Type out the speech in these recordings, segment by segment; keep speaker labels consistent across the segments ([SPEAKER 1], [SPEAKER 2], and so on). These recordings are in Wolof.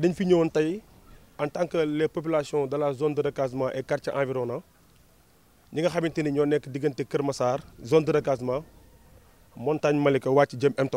[SPEAKER 1] tey fi ñëwoon tey en tant que les populations de la zone de recasement et quartier environnant ñi nga xamante ni ñoo nekk diggante Kër Massar zone de recasement montagne Malika wàcc jëm m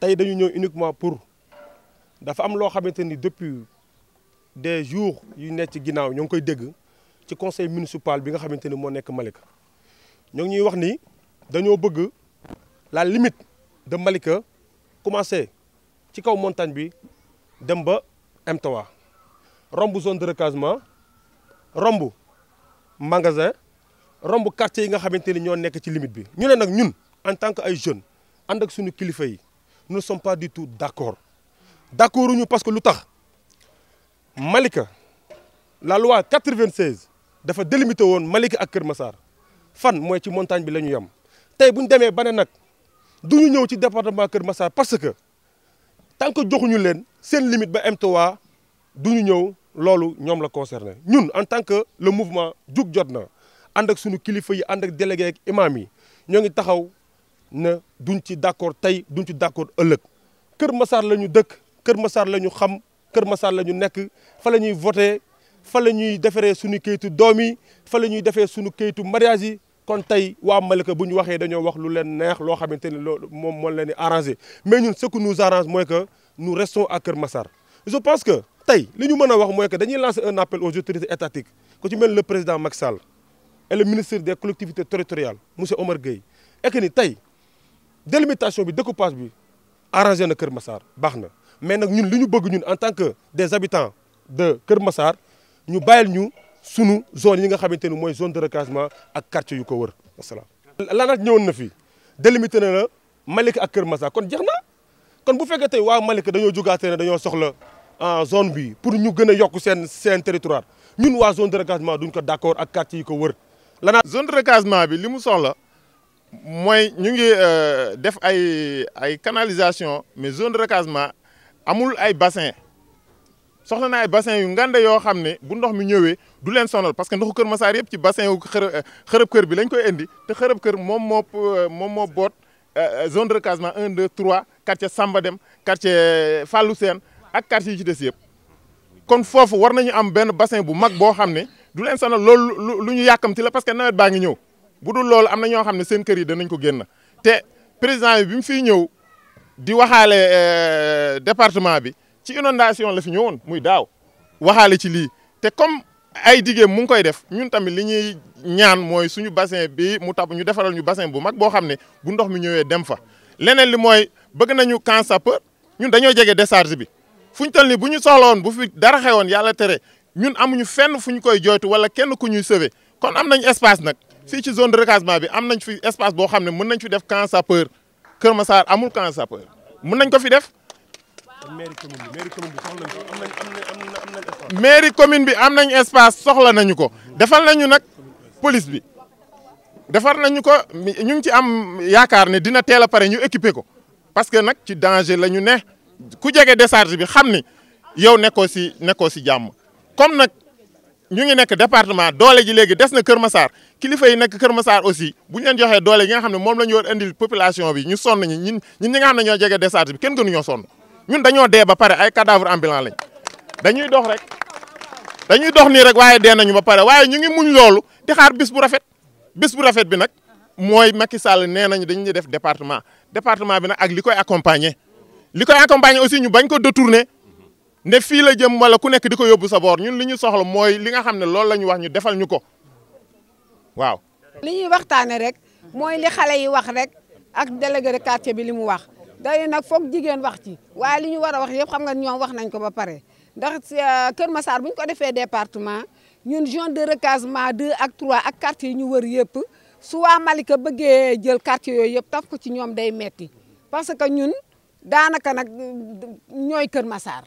[SPEAKER 1] tey dañu ñëw uniquement pour dafa am loo xamante ni depuis des jours yu nekk ci ginnaaw ñoo ngi koy dégg ci conseil municipal bi nga xamante ni moo nekk Malika ñoo ngi ñuy wax ni dañoo bëgg la limite de Malika commencer ci kaw montagne bi dem ba M3 romb zone de recasement romb magasin romb quartier yi nga xamante ni ñoo nekk ci limite bi ñu ne nag ñun en tant que ay jeunes ànd ak suñu kilifa yi nous ne sommes pas du tout d' accord d' accord ñu parce que lu tax Malika la loi 96 dafa délimité woon Malika ak Kër Massar fan mooy ci montagne bi la ñu yem tey bu ñu demee ba ne nag du ñu ñëw ci département Kër Massar parce que. tant que joxuñu leen seen limite ba M3 duñu ñëw loolu ñoom la concerné ñun en tant que le mouvement jug jot na ànd ak suñu kilifa yi ànd ak délégué ak imam yi ñoo ngi taxaw na duñ ci d'accord tey duñ ci d'accord ëllëg Kër Massar la ñu dëkk Kër Massar la ñu xam Kër Massar la ñu nekk fa la ñuy voté fa la ñuy defaree suñu kayitu doom yi fa la ñuy defee suñu kayitu mariage yi kon tey waa Malika bu ñu waxee dañoo wax lu leen neex loo xamante ni loolu moom moo leen di arrangé mais ñun ce qui nous mooy que nous restons à Kër Massar je pense que tey li ñu mën a wax mooy que dañuy lancer un appel aux autorités étatiques ku ci mel le président Macky Sall ministre des collectivités territoriales monsieur Omar Gueye et que ni tey délimitation bi découpage bi arrangé na Kër Massar baax na mais nag ñun li ñu bëgg ñun en tant que des habitants de Kër Massar ñu bàyyil ñu sunu zone yi nga xamante ni mooy zone de recasement ak quartier yu ko wër wasalaam. Lanaat ñëwoon na fi délimité na la Malika ak Kër Massa kon jeex na kon bu fekkee tey waa Malika dañoo jógaatee ne dañoo soxla ah, zone bi pour ñu gën a yokk seen seen territoire ñun waa zone de recasement duñ ko d'accord
[SPEAKER 2] a quartier yu ko wër. Lanaat zone de recasement bi li mu soxla mooy ñu ngi euh, def ay ay canalisation mais zone de recasement amul ay bassin soxla na ay bassin yu ngande yoo xam ne bu ndox mi ñëwee du leen sonal parce que ndoxu Kër Massar yëpp ci bassin yu euh, xërëb kër bi lañ koy indi te xërëb kër moom moo euh, moom moo boot euh, zone de recasement 1 2 3 quartier Samba Dem quartier fallu seen ak quartier yi ci des yëpp. kon foofu war nañu am benn bassin bu mag boo xam ne du leen sonal loolu lu ñu yàkkamti la parce que nawet baa ngi ñëw bu dul loolu am na ñoo xam ne seen kër yi danañ ko génn te président bi bi mu fiy ñëw di waxaale département bi. ci inondation la fi woon muy daaw waxaale ci lii te comme ay diggéem mu ngi koy def ñun tamit li ñuy ñaan mooy suñu bassin bi mu tab ñu defaral ñu bassin bu mag boo xam ne bu ndox mi ñëwee dem fa leneen li mooy bëgg nañu Camp Sapeur ñun dañoo jege décharge bi fu ñu toll nii bu ñu soxla woon bu fi dara xeewoon yàlla tere ñun amuñu fenn fu ñu koy jooytu wala kenn ku ñuy sauver kon am nañ espace nag fii ci zone de recasement bi am nañ fi boo xam ne mën nañ fi def Camp Sapeur Kër amul Camp Sapeur mën nañ ko fi def mairie commune bi am nañ espace soxla nañu ko defal nañu nag police bi defar nañu ko ñu ngi ci am yaakaar ni dina teel a pare ñu équiper ko parce que nag ci danger la ñu ne ku jege décharge bi xam ni yow nekkoo si nekkoo si jàmm comme nag ñu ngi nekk département doole ji léegi des na Kër Massar kilifa yi nekk Kër Massar aussi bu ñu leen joxee doole yi nga xam ne population bi ñu sonn ñi ñun ñi nga xam ne ñoo jege décharge bi kenn gënuñoo sonn ñun dañoo dee ba pare ay cadavre ambulant lañ dañuy dox rek dañuy dox nii rek waaye dee nañu ba pare waaye ñu ngi muñ loolu di xaar bis bu rafet bis bu rafet bi nag mooy Macky Sall nee nañu dañuy def département département bi nag ak li koy accompagner li koy accompagner aussi ñu bañ ko détourner ne fii la jëm wala ku nekk di ko yóbbu sa boor ñun li ñu soxla mooy li nga xam ne loolu la ñu wax ñu defal ñu ko waaw.
[SPEAKER 3] li ñuy waxtaane rek mooy li xale yi wax rek ak délégué de bi li mu wax. day nag foog jigeen wax ci waaye li ñu war a wax yëpp xam nga ñoom wax nañ ko ba pare ndax euh, Kër Massar bu ñu ko defee département ñun zone de recasement 2 ak 3 ak quartier yu ñu wër yëpp su waa Malika bëggee jël quartier yooyu yëpp taf ko ci ñoom day metti parce que ñun daanaka nag ñooy Kër Massar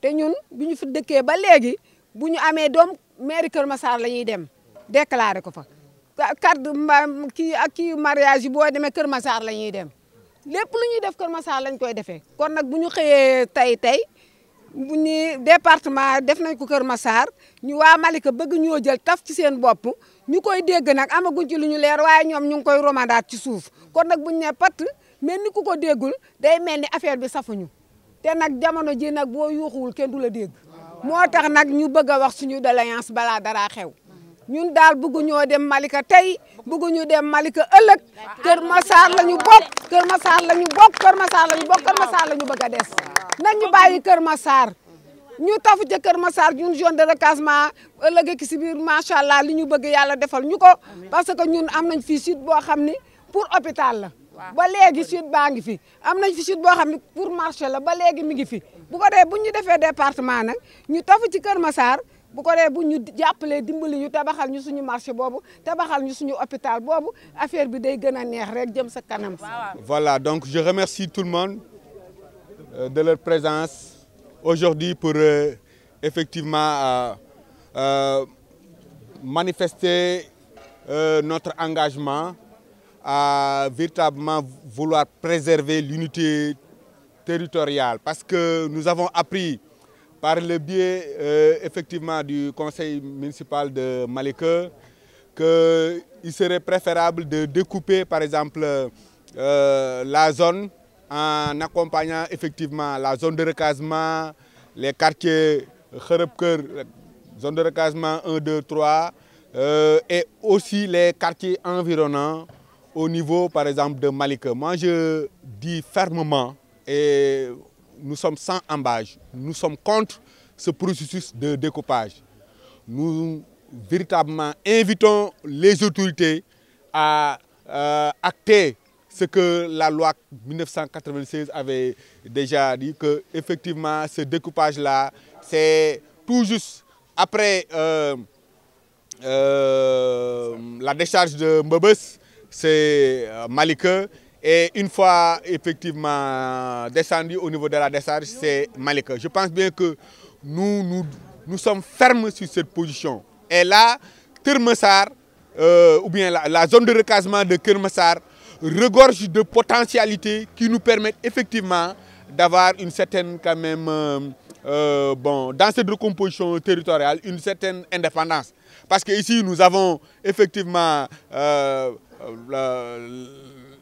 [SPEAKER 3] te ñun bu ñu fi dëkkee ba léegi bu ñu amee doom mairie Kër Massar la ñuy dem déclaré ko fa carte kii ak kii mariage yi boo demee Kër Massar la ñuy dem lépp lu ñuy def Kër Massar lañ koy defee kon nag bu ñu xëyee tey tey bu ñu département def nañ ko Kër Massar ñu waa Malika bëgg ñoo jël taf ci seen bopp ñu koy dégg nag amaguñ ci lu ñu leer waaye ñoom ñu ngi koy romandaat ci suuf kon nag bu ñu nee patt mel ni ku ko déggul day mel ni affaire bi safuñu te nag jamono ji nag boo yuuxuwul kenn du la dégg moo tax nag ñu bëgg a wax suñu doléance balaa dara xew. ñun daal bëgguñoo dem Malika tey bëgguñu dem Malika ëllëg Kër Massar la ñu bokk Kër Massar la ñu bokk Kër Massar la ñu bokk Kër Massar la ñu bëgg a des nañ ñu bàyyi Kër Massar ñu tafu ca Kër Massar ñun zone de recasement ëlëg ak si biir macha allah li ñu bëgg yàlla defal ñu ko parce que ñun am nañ fi sud boo xam ni pour hôpital la ba léegi sud baa ngi fi am nañ fi sud boo xam ni pour marché la ba léegi mi ngi fi bu ko dee bu ñu defee département nag ñu tafu ci Kër masaar bu ko dee bu ñu jàppalee dimbali ñu tabaxal ñu suñu marché boobu tabaxal ñu suñu hôpital boobu affaire bi day gën a neex rek jëm sa kanam.
[SPEAKER 4] voilà donc je remercie tout le monde euh, de leur présence aujourd'hui pour euh, effectivement euh, euh manifester notre engagement à véritablement vouloir préserver l'unité territoriale parce que nous avons appris par le biais euh, effectivement du conseil municipal de Malika, qu'il serait préférable de découper par exemple euh, la zone en accompagnant effectivement la zone de recasement, les quartiers Kherepker, zone de recasement 1, 2, 3, euh, et aussi les quartiers environnants au niveau par exemple de Malika. Moi je dis fermement nous sommes sans embâge. Nous sommes contre ce processus de découpage. Nous véritablement invitons les autorités à euh, acter ce que la loi 1996 avait déjà dit, que effectivement ce découpage-là, c'est tout juste après euh, euh, la décharge de Mbebes, c'est euh, Malika Et une fois effectivement descendu au niveau de la décharge, c'est Malika. Je pense bien que nous, nous, nous, sommes fermes sur cette position. Et là, Kermessar, euh, ou bien la, la, zone de recasement de Kermessar, regorge de potentialités qui nous permettent effectivement d'avoir une certaine quand même, euh, euh, bon, dans cette recomposition territoriale, une certaine indépendance. Parce que ici, nous avons effectivement euh, euh,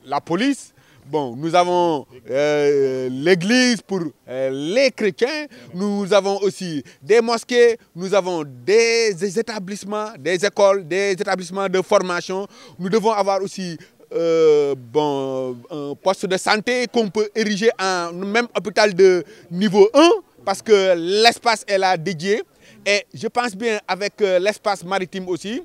[SPEAKER 4] la police. Bon, nous avons euh, l'église pour euh, les chrétiens, nous avons aussi des mosquées, nous avons des, des, établissements, des écoles, des établissements de formation. Nous devons avoir aussi euh, bon, un poste de santé qu'on peut ériger en même hôpital de niveau 1 parce que l'espace est la dédié. Et je pense bien avec euh, l'espace maritime aussi,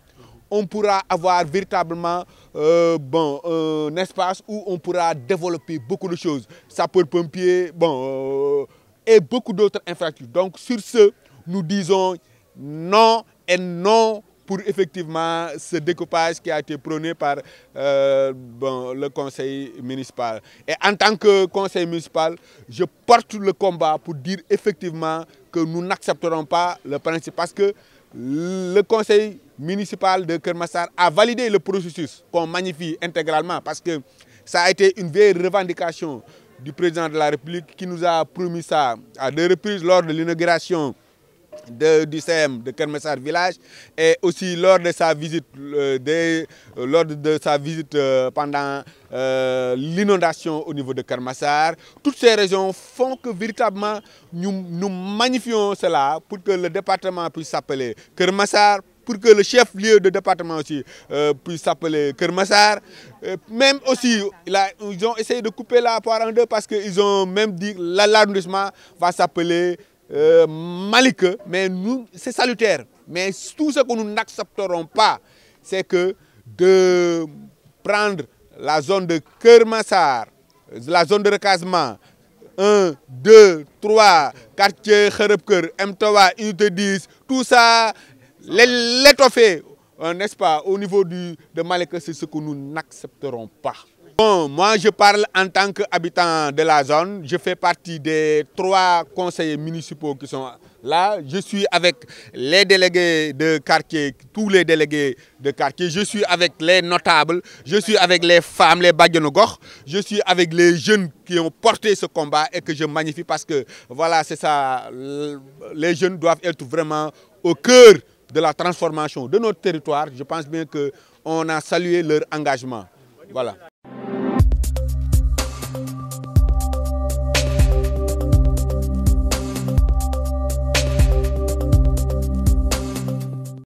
[SPEAKER 4] on pourra avoir véritablement euh, bon, un espace où on pourra développer beaucoup de choses. Sapeurs-pompiers, bon, euh, et beaucoup d'autres infrastructures. Donc sur ce, nous disons non et non pour effectivement ce découpage qui a été prôné par euh, bon, le conseil municipal. Et en tant que conseil municipal, je porte le combat pour dire effectivement que nous n'accepterons pas le principe parce que le conseil municipal de Kermassar a validé le processus qu'on magnifie intégralement parce que ça a été une vieille revendication du président de la République qui nous a promis ça à deux reprises lors de l'inauguration de, du CM de Kermessar Village et aussi lors de sa visite, euh, de, euh, lors de sa visite euh, pendant euh, l'inondation au niveau de Kermassar. Toutes ces régions font que véritablement nous, nous magnifions cela pour que le département puisse s'appeler Kermassar, pour que le chef lieu de département aussi euh, puisse s'appeler Kermassar. Euh, même aussi, là, ils ont essayé de couper là poire en deux parce qu'ils ont même dit que l'arrondissement va s'appeler euh, Malik. Mais nous, c'est salutaire. Mais tout ce que nous n'accepterons pas, c'est que de prendre la zone de Kermassar, la zone de recasement, 1, 2, 3, quartier Kherepker, Mtowa, Unité 10, tout ça, l'étoffer, euh, n'est-ce pas, au niveau du, de Malek, c'est ce que nous n'accepterons pas. Bon, moi je parle en tant que qu'habitant de la zone. Je fais partie des trois conseillers municipaux qui sont là. Je suis avec les délégués de quartier, tous les délégués de quartier. Je suis avec les notables, je suis avec les femmes, les Badjanogor. Je suis avec les jeunes qui ont porté ce combat et que je magnifie parce que voilà, c'est ça. Les jeunes doivent être vraiment au cœur de la transformation de notre territoire, je pense bien qu'on a salué leur engagement. Voilà.